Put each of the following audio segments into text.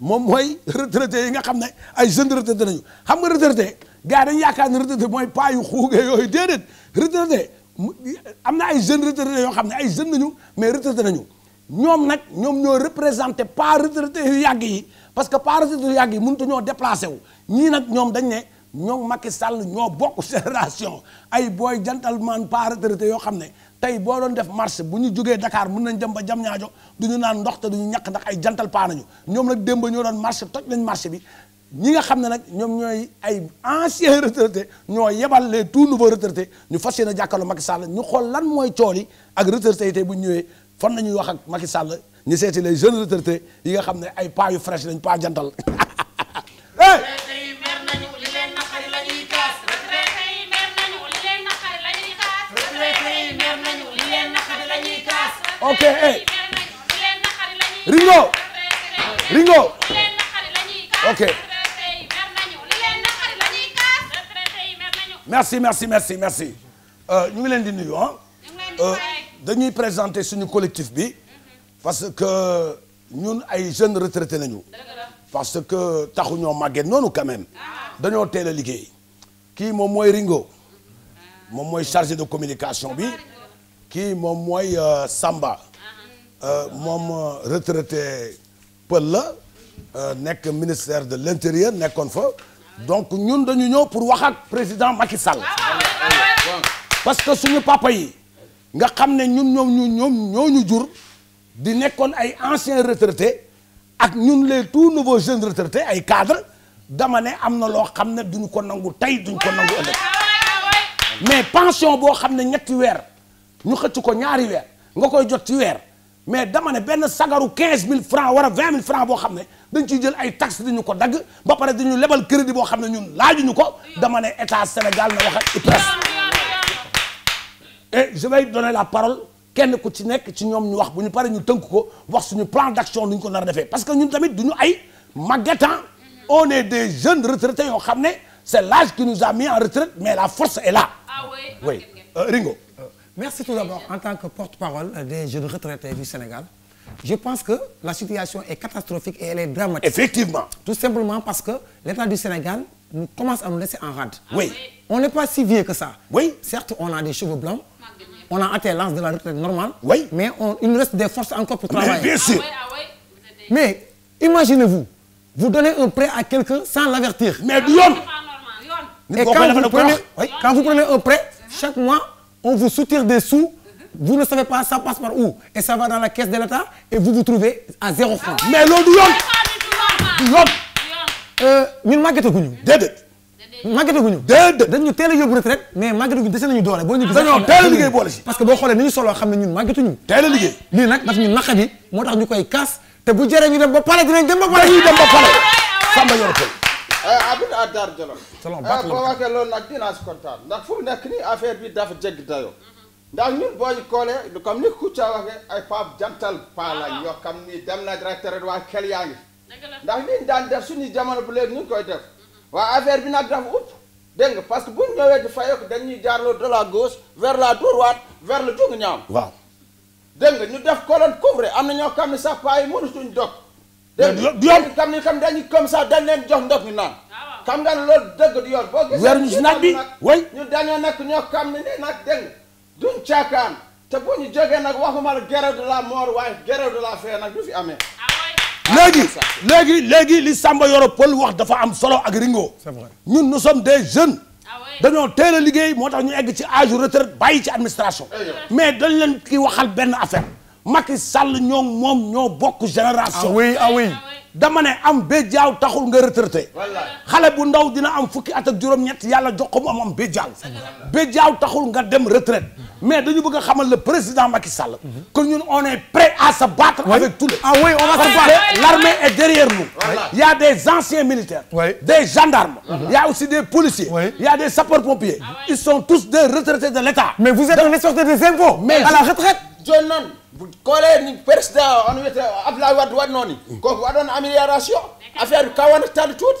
moom mooy retraité yi nga xam ne ay jeunes retraité nañu xam nga retraité gars dañu yaakaar ne retraité mooy pas yu xuugee yooyu déedéet retraité am na ay jeunes retraité yoo xam ne ay jeunes nañu mais retraité nañu ñoom nag ñoom ñoo représenté pas retraité yu yàgg yi parce que pas retraité yu yàgg yi mënut ñoo déplacé wu ñii nag ñoom dañ ne ñoom Macky Sall ñoo bokk génération ay booy gentleman pas retraité yoo xam ne tey boo doon def marché bu ñu jógee Dakar mun nañ dem ba jam ñaajo du ñu naan ndox te du ñu ñàkk ndax ay jantal paa nañu ñoom nag démb ñoo doon marché toj nañ marché bi ñi nga xam ne nag ñoom ñooy ay anciens retraités ñoo yebal les tout nouveaux retraités ñu fas yéene jàkkaarloo Macky Sall ñu xool lan mooy cool yi ak retraités yi tey bu ñu ñëwee fan la ñuy wax ak Macky Sall ñu seeti les jeunes retraités yi nga xam ne ay pas yu fraîche lañ pas jantal Sonko. ok. merci merci merci merci euh, ñu ngi leen di nuyu ah. Euh, dañuy présenter suñu collectif bi. parce que ñu ay jeunes retraités nañu. parce que taxu ñoo màggee noonu quand même. dañoo teel a liggéey. kii moom mooy Ringo. moom mooy chargé de communication bi. kii moom mooy euh, Samba. moom retraité. pël la euh, nekk ministère de l'intérieur nekkoon fa donc ñun dañu ñëw pour wax ak président Macky Sall parce que suñu papa yi nga xam ne ñun ñoom ñu ñoom ñoo ñu jur di nekkoon ay anciens retraités ak ñun les tout nouveaux jeunes retraités ay cadre dama ne am na loo xam ne duñu ko nangu tey duñu ko nangu ëllëg mais pension boo xam ne ñetti weer ñu xëcc ko ñaari weer nga koy jot ci weer mais dama ne benn sagaru 15000 francs wala 20000 francs boo xam ne dañ ciy jël ay taxes ñu ko dagg ba pare dañu lebal crédit boo xam ne ñun laajuñu ko dama ne état Sénégal na wax ak IPRES et je vais donner la parole kenn ku ci nekk ci ñoom ñu wax bu ñu paree ñu tënk ko wax suñu plan d'action lu ñu ko nar a defee parce que ñun tamit duñu ay màggetan on est des jeunes retraités yoo xam ne c'est l'âge qui nous a mis en retraite mais la force est là ah euh, merci tout d'abord en tant que porte-parole des jeunes retraités du Sénégal je pense que la situation est catastrophique et elle est dramatique. effectivement tout simplement parce que l'État du Sénégal nous commence à nous laisser en rade. on n'est pas si vieux que ça. on a des cheveux blancs. on a atteint l'âge de la retraite normale. oui mais on il nous reste des forces encore pour travailler. mais bien sûr ah ah mais imaginez-vous vous donnez un prêt à quelqu'un sans l'avertir. mais du yoon. mois. on vous soutire des sous vous ne savez pas ça passe par où et ça dans la caisse de l'État et vous vous trouvez à zéro franc. Ah, mais loolu yoon. yoon euh, ñun màggataguñu. déedéet. màggataguñu. déedéet dañu teel a yóbbu retraite mais màggataguñu dese nañu doole boo ñu. dañoo teel a liggéey boole si. parce que boo xoolee ni ñu soloo xam ne ñun màggatuñu. teel a liggéey lii nag daf ñu naqadi moo tax ñu koy kaas te bu jëree ñu dem ba pare dinañ dem ba pare. dañuy dem ba pare ah ah Samba Yoro Eh, abid à Dar Jolof eh, boo waxee loolu nag dinaa si kontaan ndax fu nekk nii affaire bi dafa jéggi dayoo ndax ñun boo ñu koolee comme ni Kouthia waxee ay pape jantal paa lañ ah. yoo xam ni dem na directeur waa xel yaa ngi ndax liñ daan def suñu jamono bu léegi ñu ngi koy def waaye affaire bi nag dafa upp dégg nga parce que bu ñu ñëwee di fayoo ko dañuy jaarloo de la gauche vers la droite vers le jungu ñaam waaw ñu def colonne couvrée am na ñoo xam ne sax paa yi mënatuñ dog du yoon tam ni tam dañu comme ça dañ leen jox ndox ñu ah, xam nga ne loolu dëgg du yoon boo gisee weeruñu bi way ñu dañoo nekk ñoo xam ne ni nag dégg duñ caakaan te bu ñu jógee nag waxuma la guerre de la mort waaye guerre de la faim nag du fi amee ah, léegi léegi léegi li Samba Yoro Pël wax dafa am solo ak Ringo ñun nous sommes jeune jeunes ah, dañoo teel liggéey moo tax ñu egg ci âge retraite bàyyi ci administration mais dañ leen ki waxal benn affaire Macky Sall ñoo moom ñoo bokk génération. Ah ah damane am béjaaw taxul nga retraité. xale bu ndaw dina am fukki at ak juróom-ñett yàlla jox ko mu am am béjaaw. béjaaw taxul nga dem retraite. mais dañu bëgg a xamal le président Macky Sall. que on est prêt à se battre. Oui. avec tous les. ah oui on va se a des anciens militaires. des gendarmes. Mm y a aussi des policiers. Oui. des sapeurs pompiers. Ah ils sont tous des retraités de l'État. mais vous êtes Donc, un sorte des joni noon koole président on wiyete abdoulaye wadde waɗnoo ni koko waɗon amélioration affaire kawanataade tuuti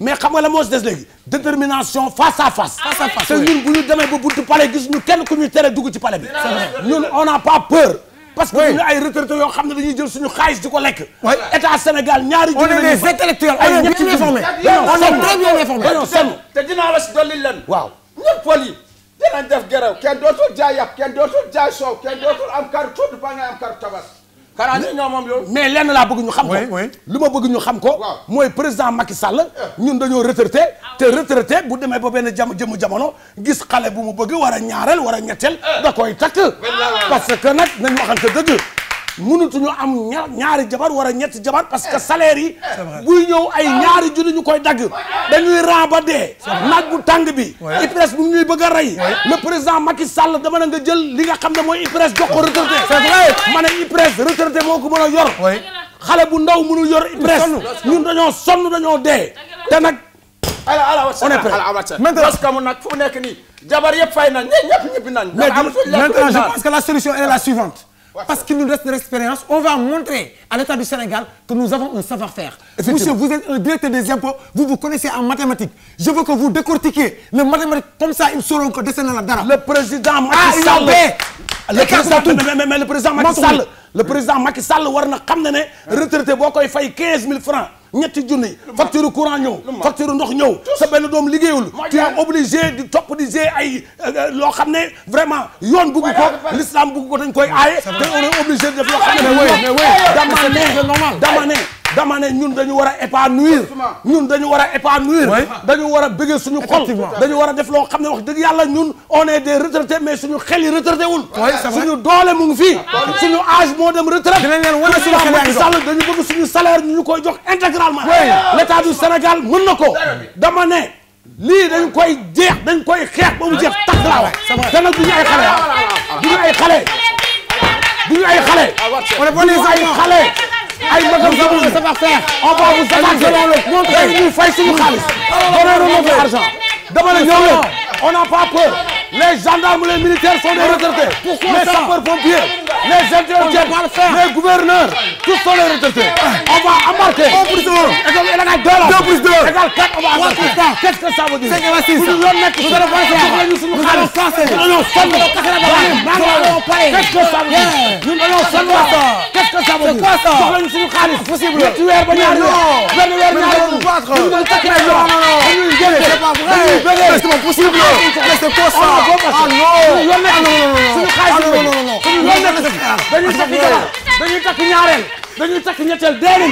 mais xam nga la moo des léegi détermination face à face. face à face te ñun bu ñu palais gis ñu kenn ku ñu tere dugg ci palais bi. on n'a pas peur. parce que ñu ay retraités ne dañuy jël suñu xaalis di ko lekk. état Sénégal ñaari junne nañu on est des intellectuels ay ñëpp ci formé on est très bien informé te dinaa la si dolli leen. waaw ñëpp pël yi dinañ def gerew kenn dootul jaay yàpp kenn dootul jaay soow kenn dootul am kàr tuut ba nga am kàr tabas Karaane ñoo moom loolu. mais lenn laa bëgg ñu xam ko. lu ma bëgg ñu xam ko. mooy président Macky Sall. ñun dañoo retraité. te retraité bu demee ba benn jam jëmu jamono gis xale bu mu bëgg war a ñaareel war a ñetteel. Eh. da koy takk. parce que nag nañ waxante dëgg. mënatuñu am ña ñaari jabar war a ñetti jabar parce que eh, salaire yi buy ñëw ay ñaari junni ñu koy dagg dañuy ran ba dee naaj bu tàng bi IPRES bu ñuy bëgg a rey le président Macky Sall dama na nga jël li nga xam ne mooy IPRES jox ko retraité ma ne moo ko mën a yor xale bu ndaw mënul yor IPRES ñun dañoo sonn dañoo dee te nag ala ala wasa ala wasa maintenant parce que mu nag fu nekk nii jabar yëpp fay nañ ñëpp ñëpp nañ maintenant je pense que la solution est la suivante parce qu'il nous reste de l'expérience on va montrer à l'État du Sénégal que nous avons un savoir-faire monsieur vous êtes un directeur des impôts vous vous connaissez en mathématiques je veux que vous décortiquiez le mathématique comme ça ils sauront que dese na la dara le président Macky ah, Sall le président mais le président Macky Sall na xam ne ne retraité boo koy fay 15 000 francs ñetti junni facture courant ñëw facture ndox ñëw sa benn doom liggéeyul tu es di topp di gérer euh, loo xam ne vraiment yoon bugg ko l'islam bugg ko koy aaye te on est def loo xam ne dama ne ñun dañu war a épanouir ñun dañu war a épanouir dañu war a bëggee suñu xol dañu war a def loo xam ne wax dëgg yàlla ñun on est des retraités mais suñu xel yi suñu doole mu ngi ah, suñu âge moo dem retraite du Sénégal mën na ko dama ne lii dañ koy jeex dañ koy xeex ba mu jeex tax laa wax te nag duñu ay xale ah, duñu ay xale ah, duñu ay xale duñu ay xale ay magam ça va faire on va vous attaquer dans le monde dañuy fay suñu xaalis donnez-nous notre argent dama la ñëw leen on n'a pas peur les gendarmes les militaires sont des retraités les sapeurs-pompiers les intellectuels les gouverneurs tous sont des retraités on va embarquer à 2 plus 2 égale 4 on va avoir 4. Qu'est-ce que ça veut dire bu ñu doon nekk suñu xaalis suñu xaalis dañoo sonn dañoo pare qu'est-ce que ça veut dire ñun dañoo sonn qu'est-ce que ça veut dire soxla ñu suñu xaalis possible ñetti weer ba ñaari weer benn weer ñaari weer dañu takk ay loxo dañuy jëlee dañuy bëggee c'est pas possible mais c'est quoi ça ah non suñu yoon nekk suñu xaalis suñu yoon nekk dañuy takk ñaareel dañuy takk ñetteel déedéet